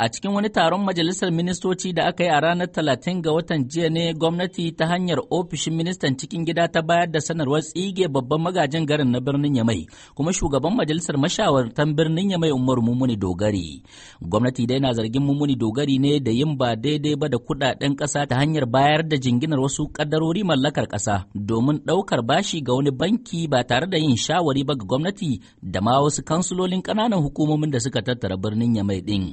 A cikin wani taron majalisar ministoci da aka yi a ranar talatin ga watan jiya ne gwamnati ta hanyar ofishin ministan cikin gida ta bayar da sanarwar tsige babban magajin garin na birnin Yamai kuma shugaban majalisar mashawartan birnin Yamai Umar Mumuni Dogari. Gwamnati dai na zargin Mumuni Dogari ne da yin ba daidai ba da kudaden kasa ta hanyar bayar da jinginar wasu kadarori mallakar kasa domin daukar bashi ga wani banki ba tare da yin shawari ba ga gwamnati da ma wasu kansulolin kananan hukumomin da suka tattara birnin Yamai din.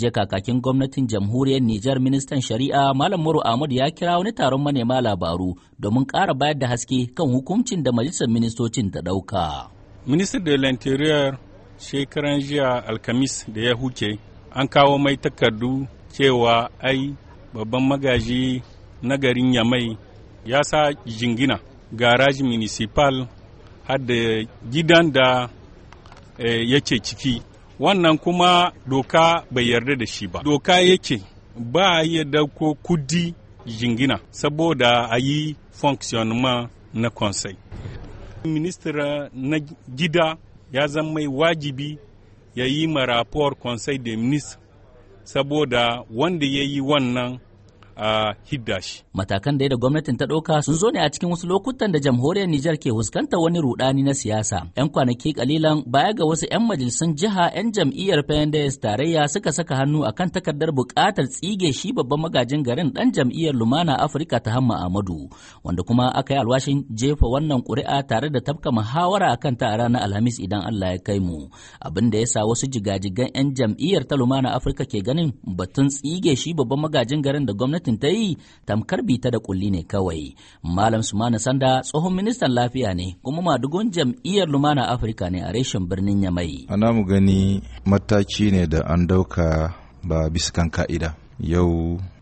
je kakakin gwamnatin jamhuriyar Nijar ministan shari'a Malam Muru Ahmad ya kira wani taron manema labaru domin kara bayar da haske kan hukuncin da majalisar ministocin ta ɗauka. Ministan da Interior shekaran jiya Alkamis da ya huce an kawo mai takardu cewa ai babban magaji na garin Yamai ya sa jingina garage municipal har da gidan da eh, yake ciki wannan kuma doka bai yarda da shi ba doka yake ba ya dauko kudi jingina saboda a yi fonctionnement na conseil ministra na gida ya zama mai wajibi ya yi marapor konsai conseil des saboda wanda ya yi wannan a hidda shi. Matakan da ya da gwamnatin ta ɗauka sun zo ne a cikin wasu lokutan da jamhuriyar Nijar ke huskanta wani rudani na siyasa. 'Yan kwanaki kalilan baya ga wasu 'yan majalisun jiha 'yan jam'iyyar PNDS tarayya suka saka hannu akan takardar buƙatar tsige shi babban magajin garin ɗan jam'iyyar Lumana Afirka ta Hamma Ahmadu wanda kuma aka yi alwashin jefa wannan ƙuri'a tare da tafka muhawara akan ta a ranar Alhamis idan Allah ya kai mu. Abin da ya sa wasu jigajigan 'yan jam'iyyar ta Lumana Afirka ke ganin batun tsige shi babban magajin garin da gwamnatin gwamnatin ta yi tamkar bita da kulli ne kawai malam sumana sanda tsohon ministan lafiya ne kuma madugun jam'iyyar lumana afirka ne a reshen birnin yamai ana mu gani mataki ne da an dauka ba bisa kan ka'ida yau